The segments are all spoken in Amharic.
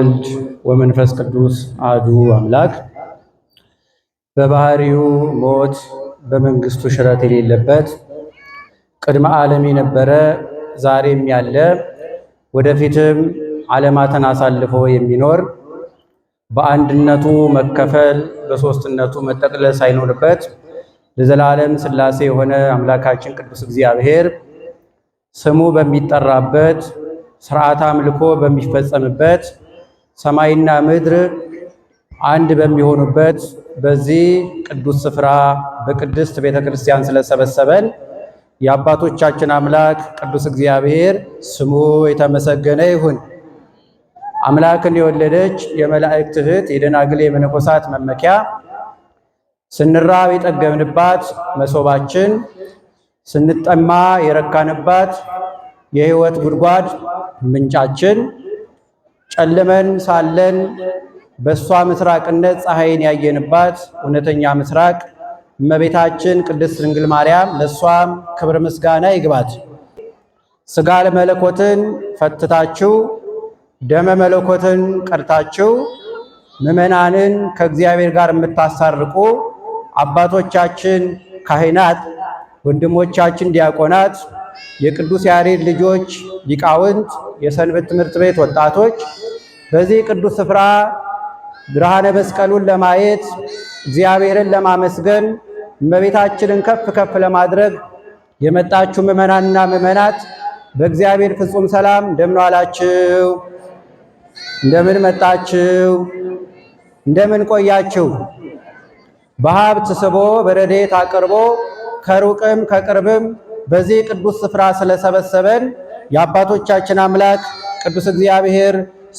ወልድ ወመንፈስ ቅዱስ አዱ አምላክ በባህሪው ሞት በመንግስቱ ሽረት የሌለበት ቅድመ ዓለም የነበረ ዛሬም ያለ ወደፊትም ዓለማትን አሳልፎ የሚኖር በአንድነቱ መከፈል በሶስትነቱ መጠቅለል ሳይኖርበት ለዘላለም ስላሴ የሆነ አምላካችን ቅዱስ እግዚአብሔር ስሙ በሚጠራበት ስርዓት አምልኮ በሚፈጸምበት ሰማይና ምድር አንድ በሚሆኑበት በዚህ ቅዱስ ስፍራ በቅድስት ቤተ ክርስቲያን ስለሰበሰበን የአባቶቻችን አምላክ ቅዱስ እግዚአብሔር ስሙ የተመሰገነ ይሁን። አምላክን የወለደች የመላእክት እህት የደናግል የመነኮሳት መመኪያ ስንራብ የጠገብንባት መሶባችን፣ ስንጠማ የረካንባት የሕይወት ጉድጓድ ምንጫችን ጨልመን ሳለን በእሷ ምስራቅነት ፀሐይን ያየንባት እውነተኛ ምስራቅ እመቤታችን ቅድስት ድንግል ማርያም ለእሷም ክብር ምስጋና ይግባት። ስጋ ለመለኮትን ፈትታችሁ ደመ መለኮትን ቀድታችሁ ምዕመናንን ከእግዚአብሔር ጋር የምታሳርቁ አባቶቻችን ካህናት፣ ወንድሞቻችን ዲያቆናት የቅዱስ ያሬድ ልጆች ሊቃውንት፣ የሰንበት ትምህርት ቤት ወጣቶች በዚህ ቅዱስ ስፍራ ብርሃነ መስቀሉን ለማየት እግዚአብሔርን ለማመስገን እመቤታችንን ከፍ ከፍ ለማድረግ የመጣችሁ ምዕመናንና ምዕመናት በእግዚአብሔር ፍጹም ሰላም እንደምን ዋላችሁ? እንደምን መጣችሁ? እንደምን ቆያችሁ? በሀብት ስቦ በረዴት አቅርቦ ከሩቅም ከቅርብም በዚህ ቅዱስ ስፍራ ስለሰበሰበን የአባቶቻችን አምላክ ቅዱስ እግዚአብሔር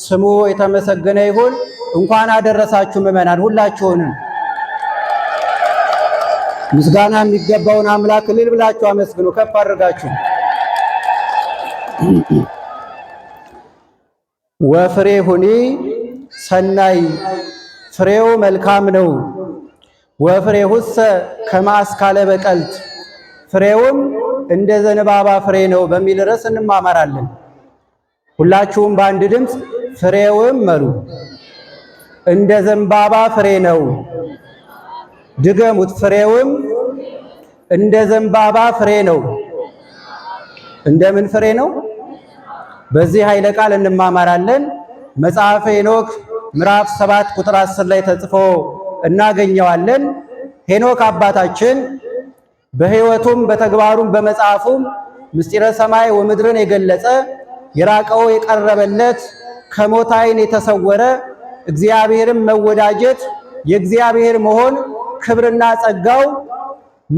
ስሙ የተመሰገነ ይሁን። እንኳን አደረሳችሁ ምእመናን ሁላችሁንም። ምስጋና የሚገባውን አምላክ ልል ብላችሁ አመስግኑ፣ ከፍ አድርጋችሁ። ወፍሬ ሁኒ ሰናይ ፍሬው መልካም ነው። ወፍሬ ሁሰ ከማስካለ በቀልት ፍሬውም እንደ ዘንባባ ፍሬ ነው በሚል ርዕስ እንማማራለን። ሁላችሁም በአንድ ድምፅ ፍሬውም መሉ እንደ ዘንባባ ፍሬ ነው። ድገሙት። ፍሬውም እንደ ዘንባባ ፍሬ ነው። እንደምን ፍሬ ነው? በዚህ ኃይለ ቃል እንማማራለን። መጽሐፈ ሄኖክ ምዕራፍ 7 ቁጥር 10 ላይ ተጽፎ እናገኘዋለን። ሄኖክ አባታችን በሕይወቱም በተግባሩም በመጽሐፉም ምስጢረ ሰማይ ወምድርን የገለጸ የራቀው የቀረበለት ከሞት ዓይን የተሰወረ እግዚአብሔርን መወዳጀት የእግዚአብሔር መሆን ክብርና ጸጋው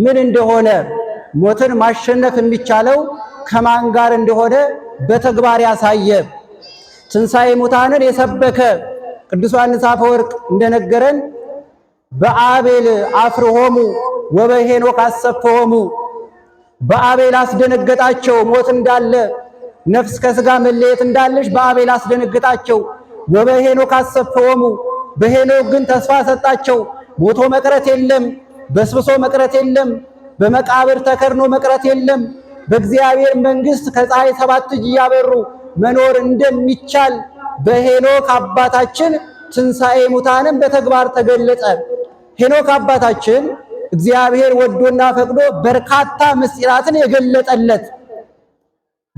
ምን እንደሆነ ሞትን ማሸነፍ የሚቻለው ከማን ጋር እንደሆነ በተግባር ያሳየ ትንሣኤ ሙታንን የሰበከ ቅዱስ ዮሐንስ አፈወርቅ እንደነገረን በአቤል አፍርሆሙ ወበሄኖክ አሰብተሆሙ በአቤል አስደነገጣቸው። ሞት እንዳለ ነፍስ ከስጋ መለየት እንዳለች በአቤል አስደነገጣቸው። ወበሄኖክ አሰብተሆሙ በሄኖክ ግን ተስፋ ሰጣቸው። ሞቶ መቅረት የለም፣ በስብሶ መቅረት የለም፣ በመቃብር ተከርኖ መቅረት የለም። በእግዚአብሔር መንግስት ከፀሐይ ሰባት እጅ እያበሩ መኖር እንደሚቻል በሄኖክ አባታችን ትንሣኤ ሙታንም በተግባር ተገለጠ። ሄኖክ አባታችን እግዚአብሔር ወዶና ፈቅዶ በርካታ ምስጢራትን የገለጠለት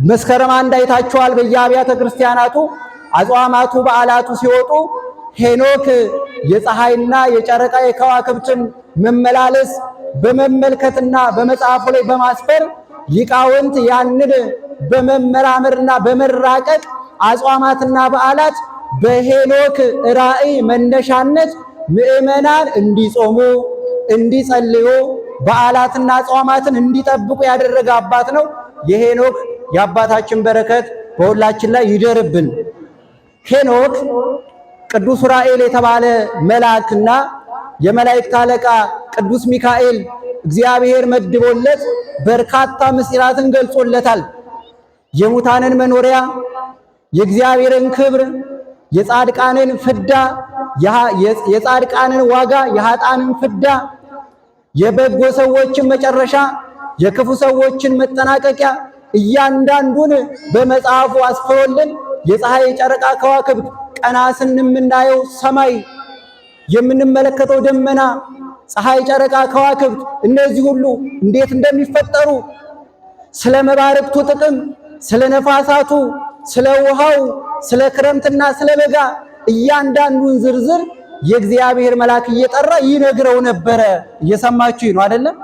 መስከረም አንድ አይታችኋል። በየአብያተ ክርስቲያናቱ አጽዋማቱ በዓላቱ ሲወጡ ሄኖክ የፀሐይና የጨረቃ የከዋክብትን መመላለስ በመመልከትና በመጽሐፉ ላይ በማስፈር ሊቃውንት ያንን በመመራመርና በመራቀቅ አጽዋማትና በዓላት በሄኖክ ራእይ መነሻነት ምእመናን እንዲጾሙ እንዲጸልዩ በዓላትና ጾማትን እንዲጠብቁ ያደረገ አባት ነው። የሄኖክ የአባታችን በረከት በሁላችን ላይ ይደርብን። ሄኖክ ቅዱስ ዑራኤል የተባለ መልአክና የመላእክት አለቃ ቅዱስ ሚካኤል እግዚአብሔር መድቦለት በርካታ ምስጢራትን ገልጾለታል። የሙታንን መኖሪያ፣ የእግዚአብሔርን ክብር፣ የጻድቃንን ፍዳ የጻድቃንን ዋጋ የሀጣንን ፍዳ የበጎ ሰዎችን መጨረሻ የክፉ ሰዎችን መጠናቀቂያ እያንዳንዱን በመጽሐፉ አስፍሮልን የፀሐይ የጨረቃ ከዋክብት ቀና ስን የምናየው ሰማይ የምንመለከተው ደመና ፀሐይ፣ ጨረቃ፣ ከዋክብት እነዚህ ሁሉ እንዴት እንደሚፈጠሩ ስለ መባረቅቱ ጥቅም፣ ስለ ነፋሳቱ፣ ስለ ውሃው፣ ስለ ክረምትና ስለ በጋ እያንዳንዱን ዝርዝር የእግዚአብሔር መልአክ እየጠራ ይነግረው ነበረ። እየሰማችሁ ነው አይደለም?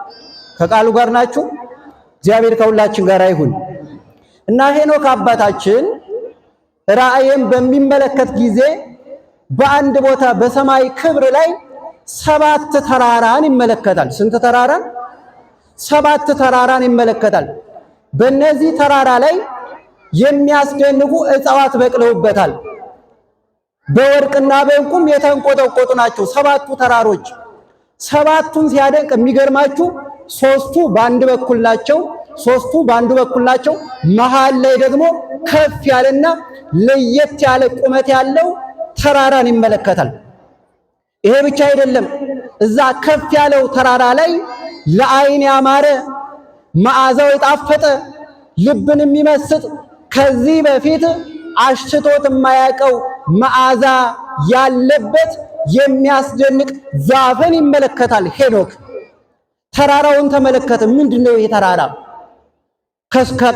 ከቃሉ ጋር ናችሁ። እግዚአብሔር ከሁላችን ጋር ይሁን እና ሄኖክ አባታችን ራእይም በሚመለከት ጊዜ በአንድ ቦታ በሰማይ ክብር ላይ ሰባት ተራራን ይመለከታል። ስንት ተራራን? ሰባት ተራራን ይመለከታል። በእነዚህ ተራራ ላይ የሚያስደንቁ እጽዋት በቅለውበታል። በወርቅና በእንቁም የተንቆጠቆጡ ናቸው ሰባቱ ተራሮች። ሰባቱን ሲያደንቅ የሚገርማችሁ ሶስቱ በአንድ በኩል ናቸው፣ ሶስቱ በአንዱ በኩል ናቸው። መሃል ላይ ደግሞ ከፍ ያለና ለየት ያለ ቁመት ያለው ተራራን ይመለከታል። ይሄ ብቻ አይደለም። እዛ ከፍ ያለው ተራራ ላይ ለአይን ያማረ መዓዛው የጣፈጠ ልብን የሚመስጥ ከዚህ በፊት አሽቶት የማያውቀው መዓዛ ያለበት የሚያስደንቅ ዛፍን ይመለከታል ሄኖክ። ተራራውን ተመለከተ። ምንድነው ይሄ ተራራ?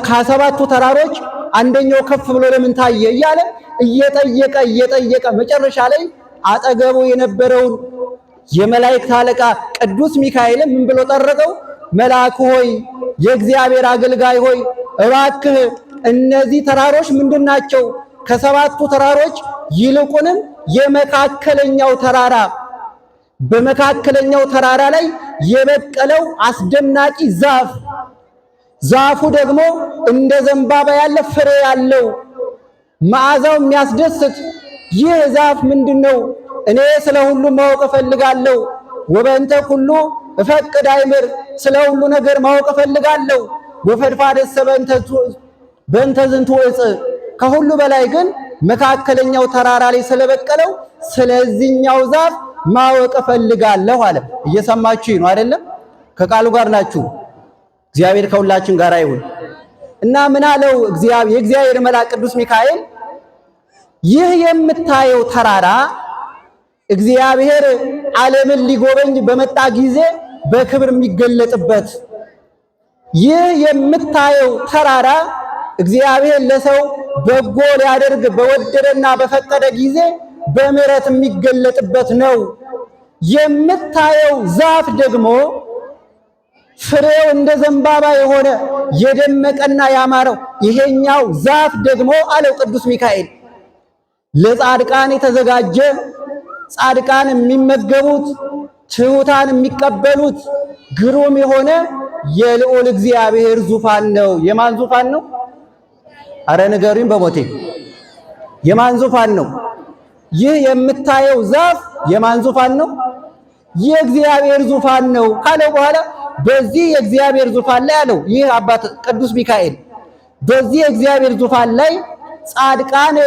ከሰባቱ ተራሮች አንደኛው ከፍ ብሎ ለምን ታየ እያለ እየጠየቀ እየጠየቀ መጨረሻ ላይ አጠገቡ የነበረውን የመላእክት አለቃ ቅዱስ ሚካኤል ምን ብሎ ጠረቀው? መልአክ ሆይ የእግዚአብሔር አገልጋይ ሆይ እባክህ እነዚህ ተራሮች ምንድን ናቸው? ከሰባቱ ተራሮች ይልቁንም የመካከለኛው ተራራ በመካከለኛው ተራራ ላይ የበቀለው አስደናቂ ዛፍ ዛፉ ደግሞ እንደ ዘንባባ ያለ ፍሬ ያለው መዓዛው የሚያስደስት ይህ ዛፍ ምንድን ነው? እኔ ስለ ሁሉ ማወቅ እፈልጋለሁ። ወበእንተ ሁሉ እፈቅድ አይምር፣ ስለ ሁሉ ነገር ማወቅ እፈልጋለሁ። ወፈድፋ ደሰበ በእንተ ዝንቱ እጽ ከሁሉ በላይ ግን መካከለኛው ተራራ ላይ ስለበቀለው ስለዚህኛው ዛፍ ማወቅ እፈልጋለሁ አለ። እየሰማችሁ ነው አይደለም? ከቃሉ ጋር ናችሁ። እግዚአብሔር ከሁላችን ጋር ይሁን እና ምን አለው የእግዚአብሔር መልአክ ቅዱስ ሚካኤል ይህ የምታየው ተራራ እግዚአብሔር ዓለምን ሊጎበኝ በመጣ ጊዜ በክብር የሚገለጥበት ይህ የምታየው ተራራ እግዚአብሔር ለሰው በጎ ሊያደርግ በወደደና በፈቀደ ጊዜ በምሕረት የሚገለጥበት ነው። የምታየው ዛፍ ደግሞ ፍሬው እንደ ዘንባባ የሆነ የደመቀና ያማረው ይሄኛው ዛፍ ደግሞ አለው ቅዱስ ሚካኤል ለጻድቃን የተዘጋጀ ጻድቃን የሚመገቡት ትሑታን የሚቀበሉት ግሩም የሆነ የልዑል እግዚአብሔር ዙፋን ነው። የማን ዙፋን ነው? አረ ንገሩኝ በሞቴ የማን ዙፋን ነው? ይህ የምታየው ዛፍ የማን ዙፋን ነው? የእግዚአብሔር ዙፋን ነው ካለው በኋላ በዚህ የእግዚአብሔር ዙፋን ላይ አለው። ይህ አባት ቅዱስ ሚካኤል በዚህ የእግዚአብሔር ዙፋን ላይ ጻድቃን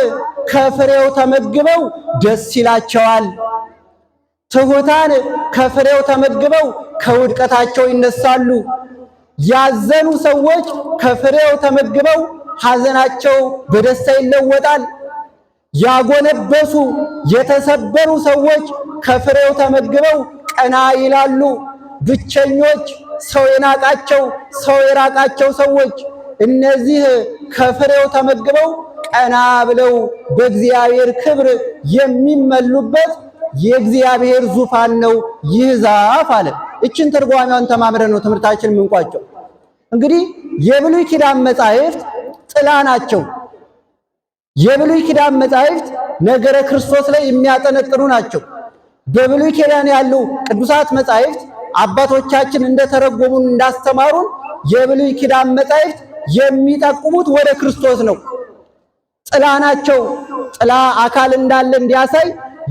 ከፍሬው ተመግበው ደስ ይላቸዋል። ትሁታን ከፍሬው ተመግበው ከውድቀታቸው ይነሳሉ። ያዘኑ ሰዎች ከፍሬው ተመግበው ሐዘናቸው በደስታ ይለወጣል። ያጎነበሱ የተሰበሩ ሰዎች ከፍሬው ተመግበው ቀና ይላሉ። ብቸኞች፣ ሰው የናቃቸው ሰው የራቃቸው ሰዎች እነዚህ ከፍሬው ተመግበው ቀና ብለው በእግዚአብሔር ክብር የሚመሉበት የእግዚአብሔር ዙፋን ነው ይህ ዛፍ አለ። እችን ትርጓሜዋን ተማምረን ነው ትምህርታችን ምንቋጨው። እንግዲህ የብሉይ ኪዳን መጻሕፍት ጥላ ናቸው። የብሉይ ኪዳን መጻሕፍት ነገረ ክርስቶስ ላይ የሚያጠነጥሩ ናቸው። በብሉይ ኪዳን ያሉ ቅዱሳት መጻሕፍት አባቶቻችን እንደተረጎሙን እንዳስተማሩን የብሉይ ኪዳን መጻሕፍት የሚጠቁሙት ወደ ክርስቶስ ነው። ጥላ ናቸው። ጥላ አካል እንዳለ እንዲያሳይ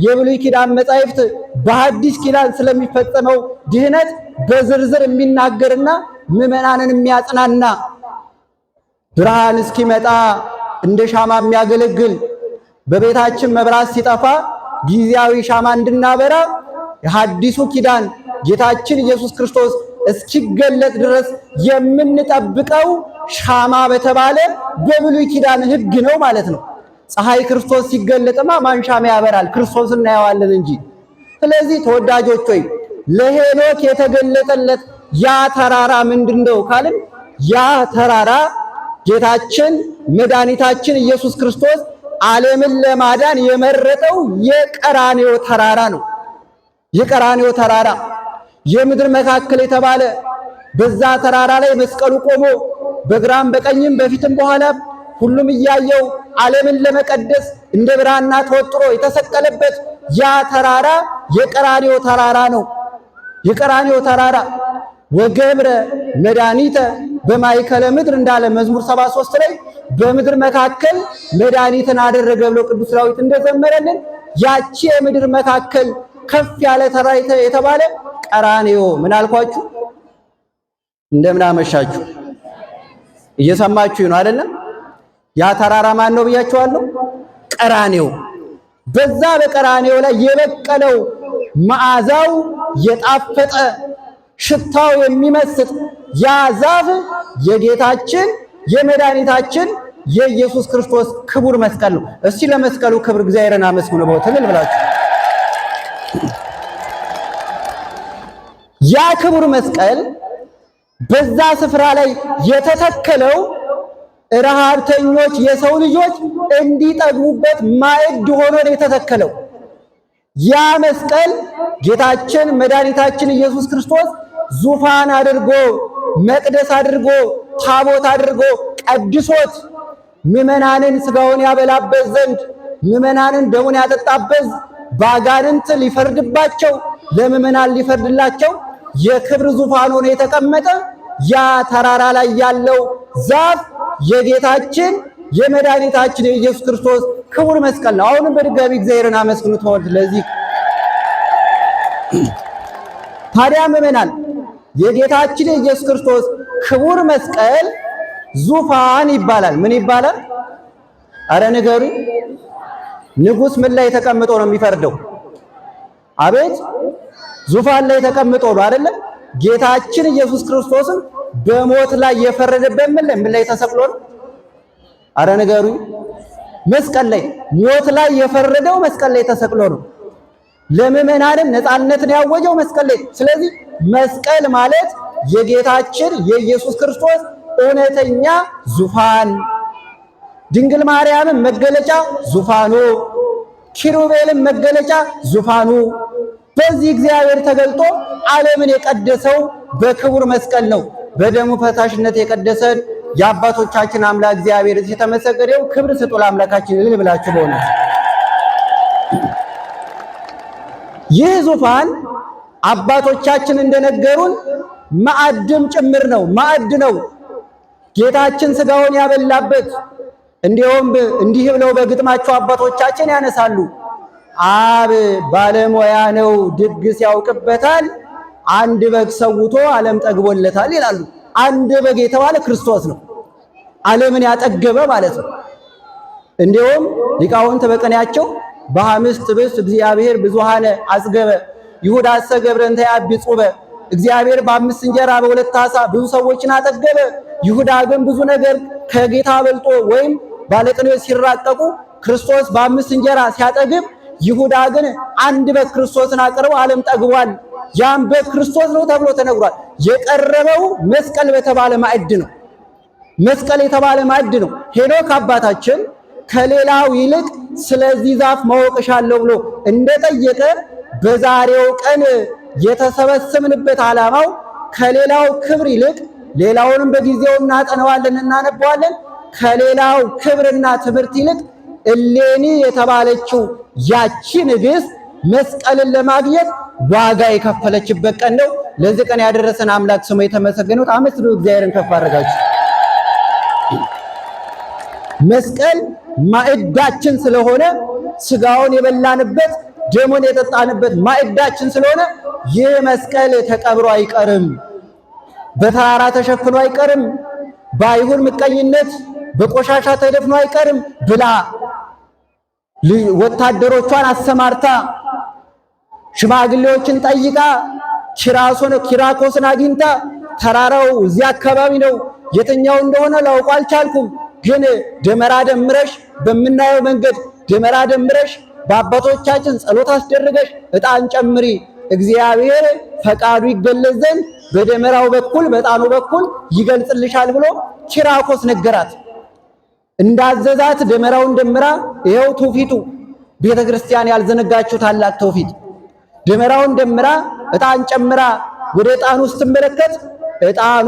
የብሉይ ኪዳን መጻሕፍት በአዲስ ኪዳን ስለሚፈጸመው ድህነት በዝርዝር የሚናገርና ምዕመናንን የሚያጽናና ብርሃን እስኪመጣ እንደ ሻማ የሚያገለግል በቤታችን መብራት ሲጠፋ ጊዜያዊ ሻማ እንድናበራ የሐዲሱ ኪዳን ጌታችን ኢየሱስ ክርስቶስ እስኪገለጥ ድረስ የምንጠብቀው ሻማ በተባለ በብሉይ ኪዳን ሕግ ነው ማለት ነው። ፀሐይ ክርስቶስ ሲገለጥማ ማን ሻማ ያበራል? ክርስቶስ እናየዋለን እንጂ። ስለዚህ ተወዳጆች ሆይ ለሄኖክ የተገለጠለት ያ ተራራ ምንድን ነው ካልን ያ ተራራ ጌታችን መድኃኒታችን ኢየሱስ ክርስቶስ ዓለምን ለማዳን የመረጠው የቀራኔው ተራራ ነው። የቀራኔው ተራራ የምድር መካከል የተባለ በዛ ተራራ ላይ መስቀሉ ቆሞ በግራም በቀኝም በፊትም በኋላ ሁሉም እያየው ዓለምን ለመቀደስ እንደ ብራና ተወጥሮ የተሰቀለበት ያ ተራራ የቀራኔው ተራራ ነው። የቀራኔው ተራራ ወገብረ መድኃኒተ በማይከለ ምድር እንዳለ መዝሙር 73 ላይ በምድር መካከል መድኃኒትን አደረገ ብሎ ቅዱስ ዳዊት እንደዘመረልን ያቺ የምድር መካከል ከፍ ያለ ተራራ የተባለ ቀራንዮ ምን አልኳችሁ? እንደምን አመሻችሁ? እየሰማችሁ ነው አይደለም? ያ ተራራ ማን ነው ብያችኋለሁ? ቀራንዮ። በዛ በቀራንዮ ላይ የበቀለው መዓዛው የጣፈጠ ሽታው የሚመስጥ ያ ዛፍ የጌታችን የመድኃኒታችን የኢየሱስ ክርስቶስ ክቡር መስቀል ነው። እስቲ ለመስቀሉ ክብር እግዚአብሔርን አመስግኑ በትልል ብላችሁ። ያ ክቡር መስቀል በዛ ስፍራ ላይ የተተከለው ረሃብተኞች የሰው ልጆች እንዲጠግሙበት ማዕድ ሆኖ ነው የተተከለው። ያ መስቀል ጌታችን መድኃኒታችን ኢየሱስ ክርስቶስ ዙፋን አድርጎ መቅደስ አድርጎ ታቦት አድርጎ ቀድሶት ምዕመናንን ስጋውን ያበላበት ዘንድ ምዕመናንን ደሙን ያጠጣበት ባጋንንት ሊፈርድባቸው ለምዕመናን ሊፈርድላቸው የክብር ዙፋን ሆኖ የተቀመጠ ያ ተራራ ላይ ያለው ዛፍ የጌታችን የመድኃኒታችን የኢየሱስ ክርስቶስ ክቡር መስቀል ነው። አሁንም በድጋሚ እግዚአብሔርን አመስግኑት። ለዚህ ታዲያ ምዕመናን የጌታችን የኢየሱስ ክርስቶስ ክቡር መስቀል ዙፋን ይባላል። ምን ይባላል? አረ ንገሩ። ንጉስ ምን ላይ ተቀምጦ ነው የሚፈርደው? አቤት ዙፋን ላይ ተቀምጦ ነው አይደለም? ጌታችን ኢየሱስ ክርስቶስም በሞት ላይ የፈረደበት ምን ላይ ምን ላይ ተሰቅሎ ነው? አረ ንገሩ። መስቀል ላይ ሞት ላይ የፈረደው መስቀል ላይ ተሰቅሎ ነው። ለምዕመናንም ነፃነትን ያወጀው መስቀል ላይ ስለዚህ መስቀል ማለት የጌታችን የኢየሱስ ክርስቶስ እውነተኛ ዙፋን፣ ድንግል ማርያምን መገለጫ ዙፋኑ፣ ኪሩቤልን መገለጫ ዙፋኑ። በዚህ እግዚአብሔር ተገልጦ ዓለምን የቀደሰው በክቡር መስቀል ነው። በደሙ ፈሳሽነት የቀደሰን የአባቶቻችን አምላክ እግዚአብሔር የተመሰገደው ክብር ስጡ ለአምላካችን ልል ብላችሁ በሆነ ይህ ዙፋን አባቶቻችን እንደነገሩን ማዕድም ጭምር ነው። ማዕድ ነው ጌታችን ስጋውን ያበላበት። እንዲሁም እንዲህ ብለው በግጥማቸው አባቶቻችን ያነሳሉ። አብ ባለሙያ ነው ድግስ ያውቅበታል፣ አንድ በግ ሰውቶ ዓለም ጠግቦለታል ይላሉ። አንድ በግ የተባለ ክርስቶስ ነው፣ ዓለምን ያጠገበ ማለት ነው። እንዲሁም ሊቃውንት በቅኔያቸው በሐምስት ብስት እግዚአብሔር ብዙሃነ አጽገበ ይሁዳ አሰ ገብረ እግዚአብሔር በአምስት እንጀራ በሁለት ዓሣ ብዙ ሰዎችን አጠገበ። ይሁዳ ግን ብዙ ነገር ከጌታ በልጦ ወይም ባለቅኔዎች ሲራቀቁ ክርስቶስ በአምስት እንጀራ ሲያጠግብ፣ ይሁዳ ግን አንድ በግ ክርስቶስን አቅርቦ ዓለም ጠግቧል። ያም በግ ክርስቶስ ነው ተብሎ ተነግሯል። የቀረበው መስቀል በተባለ ማዕድ ነው። መስቀል የተባለ ማዕድ ነው። ሄኖክ አባታችን ከሌላው ይልቅ ስለዚህ ዛፍ ማወቅሻለሁ ብሎ እንደጠየቀ በዛሬው ቀን የተሰበሰብንበት ዓላማው ከሌላው ክብር ይልቅ ሌላውንም በጊዜው እናጠነዋለን እናነባዋለን። ከሌላው ክብርና ትምህርት ይልቅ እሌኒ የተባለችው ያቺ ንግሥት መስቀልን ለማግኘት ዋጋ የከፈለችበት ቀን ነው። ለዚህ ቀን ያደረሰን አምላክ ስሙ የተመሰገኑት። አመስግኑ እግዚአብሔርን ከፍ አድርጋችሁ። መስቀል ማዕዳችን ስለሆነ ስጋውን የበላንበት ደሙን የጠጣንበት ማዕዳችን ስለሆነ ይህ መስቀል ተቀብሮ አይቀርም፣ በተራራ ተሸፍኖ አይቀርም፣ በአይሁድ ምቀኝነት በቆሻሻ ተደፍኖ አይቀርም ብላ ወታደሮቿን አሰማርታ ሽማግሌዎችን ጠይቃ ኪራሶን ኪራኮስን አግኝታ ተራራው እዚያ አካባቢ ነው፣ የትኛው እንደሆነ ላውቅ አልቻልኩም፣ ግን ደመራ ደምረሽ በምናየው መንገድ ደመራ ደምረሽ በአባቶቻችን ጸሎት አስደርገሽ እጣን ጨምሪ እግዚአብሔር ፈቃዱ ይገለጽ ዘንድ በደመራው በኩል በእጣኑ በኩል ይገልጽልሻል ብሎ ኪራኮስ ነገራት። እንዳዘዛት ደመራውን ደምራ ይኸው ትውፊቱ ቤተ ክርስቲያን ያልዘነጋችው ታላቅ ትውፊት ደመራውን ደምራ እጣን ጨምራ ወደ እጣኑ ስትመለከት እጣኑ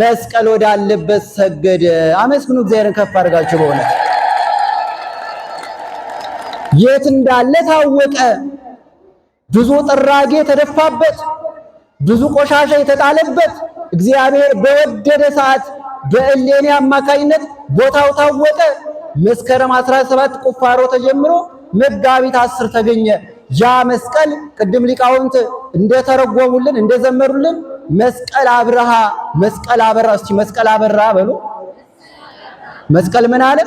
መስቀል ወዳለበት ሰገደ። አመስግኑ እግዚአብሔርን ከፍ አድርጋችሁ በእውነት የት እንዳለ ታወቀ። ብዙ ጥራጌ የተደፋበት፣ ብዙ ቆሻሻ የተጣለበት እግዚአብሔር በወደደ ሰዓት በእሌኒ አማካይነት ቦታው ታወቀ። መስከረም 17 ቁፋሮ ተጀምሮ መጋቢት አስር ተገኘ። ያ መስቀል ቅድም ሊቃውንት እንደተረጎሙልን እንደዘመሩልን መስቀል አብርሃ መስቀል አበራ። እስቲ መስቀል አበራ በሉ። መስቀል ምን አለ?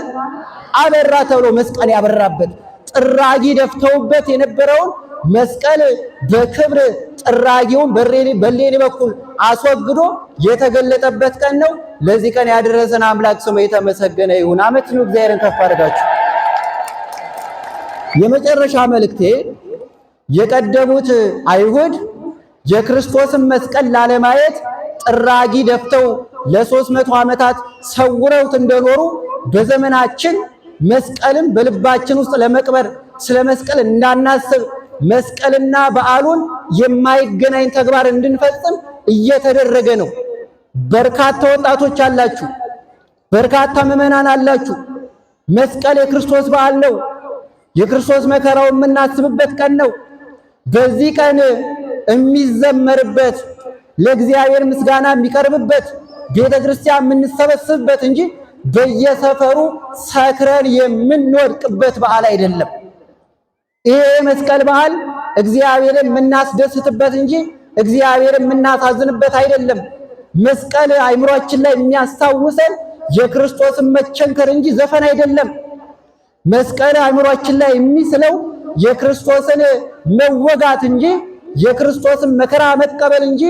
አበራ ተብሎ መስቀል ያበራበት ጥራጊ ደፍተውበት የነበረውን መስቀል በክብር ጥራጊውን በሌኒ በኩል አስወግዶ የተገለጠበት ቀን ነው። ለዚህ ቀን ያደረሰን አምላክ ስሙ የተመሰገነ ይሁን። አመት ነው። እግዚአብሔርን ከፍ አድርጋችሁ። የመጨረሻ መልእክቴ የቀደሙት አይሁድ የክርስቶስን መስቀል ላለማየት ጥራጊ ደፍተው ለሦስት መቶ ዓመታት ሰውረውት እንደኖሩ በዘመናችን መስቀልም በልባችን ውስጥ ለመቅበር ስለ መስቀል እንዳናስብ መስቀልና በዓሉን የማይገናኝ ተግባር እንድንፈጽም እየተደረገ ነው። በርካታ ወጣቶች አላችሁ፣ በርካታ ምዕመናን አላችሁ። መስቀል የክርስቶስ በዓል ነው። የክርስቶስ መከራው የምናስብበት ቀን ነው። በዚህ ቀን የሚዘመርበት ለእግዚአብሔር ምስጋና የሚቀርብበት ቤተ ክርስቲያን የምንሰበስብበት እንጂ በየሰፈሩ ሰክረን የምንወድቅበት በዓል አይደለም። ይሄ የመስቀል በዓል እግዚአብሔርን የምናስደስትበት እንጂ እግዚአብሔርን የምናሳዝንበት አይደለም። መስቀል አይምሯችን ላይ የሚያስታውሰን የክርስቶስን መቸንከር እንጂ ዘፈን አይደለም። መስቀል አይምሯችን ላይ የሚስለው የክርስቶስን መወጋት እንጂ የክርስቶስን መከራ መቀበል እንጂ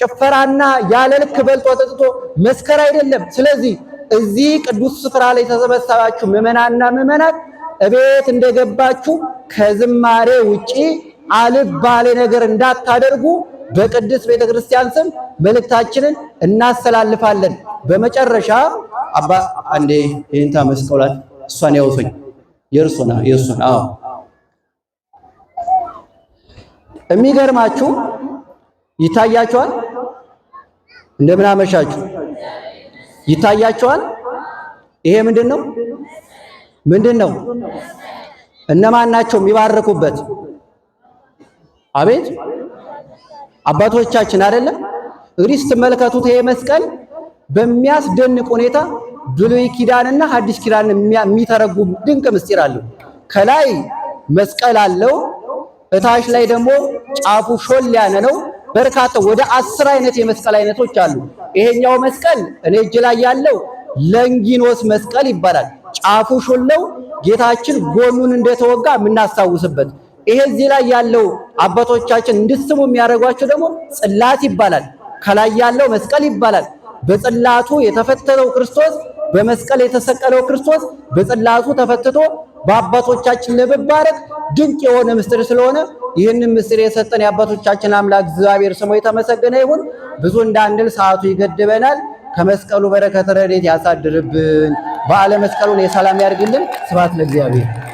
ጭፈራና ያለ ልክ በልጦ ጠጥቶ መስከር አይደለም። ስለዚህ እዚህ ቅዱስ ስፍራ ላይ ተሰበሰባችሁ ምዕመናና ምዕመናት እቤት እንደገባችሁ ከዝማሬ ውጪ አልባሌ ነገር እንዳታደርጉ በቅድስት ቤተክርስቲያን ስም መልእክታችንን እናስተላልፋለን። በመጨረሻ አባ አንዴ ይህንታ መስቀላት እሷን ያውቶኝ የእርሱና የእሱን አዎ የሚገርማችሁ ይታያችኋል። እንደምን አመሻችሁ። ይታያቸዋል። ይሄ ምንድን ነው? ምንድን ነው? እነማን ናቸው የሚባረኩበት? አቤት አባቶቻችን አይደለም። እንግዲህ ስትመለከቱት ይሄ መስቀል በሚያስደንቅ ሁኔታ ብሉይ ኪዳንና ሐዲስ ኪዳን የሚተረጉም ድንቅ ምስጢር አለው። ከላይ መስቀል አለው፣ እታች ላይ ደግሞ ጫፉ ሾል ያለ ነው። በርካታ ወደ አስር አይነት የመስቀል አይነቶች አሉ። ይሄኛው መስቀል እኔ እጅ ላይ ያለው ለንጊኖስ መስቀል ይባላል። ጫፉ ሾለው ጌታችን ጎኑን እንደተወጋ የምናስታውስበት። ይሄ እዚህ ላይ ያለው አባቶቻችን እንድስሙ የሚያደርጓቸው ደግሞ ጽላት ይባላል። ከላይ ያለው መስቀል ይባላል። በጽላቱ የተፈተተው ክርስቶስ፣ በመስቀል የተሰቀለው ክርስቶስ በጽላቱ ተፈትቶ በአባቶቻችን ለመባረክ ድንቅ የሆነ ምስጢር ስለሆነ ይህንን ምስጢር የሰጠን የአባቶቻችን አምላክ እግዚአብሔር ስሙ የተመሰገነ ይሁን። ብዙ እንዳንል ሰዓቱ ይገድበናል። ከመስቀሉ በረከት ረድኤት ያሳድርብን። በዓለ መስቀሉን የሰላም ያድርግልን። ስብሐት ለእግዚአብሔር።